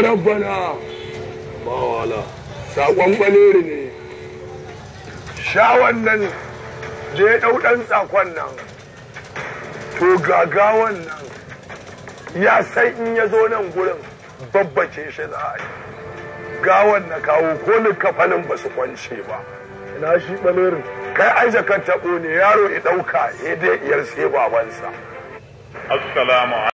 rabbana bawala saƙon baleri ne sha wannan da ya ɗau ɗan tsakon nan to gagawan nan ya san in ya zo nan gurin babbace shi za a yi gawan na kawo ko ni kafanin ba su kwance ba na shi ɓalerin kai ai zakar taɓo ne yaro ya ɗauka ya dai iyar sai babansa assalamu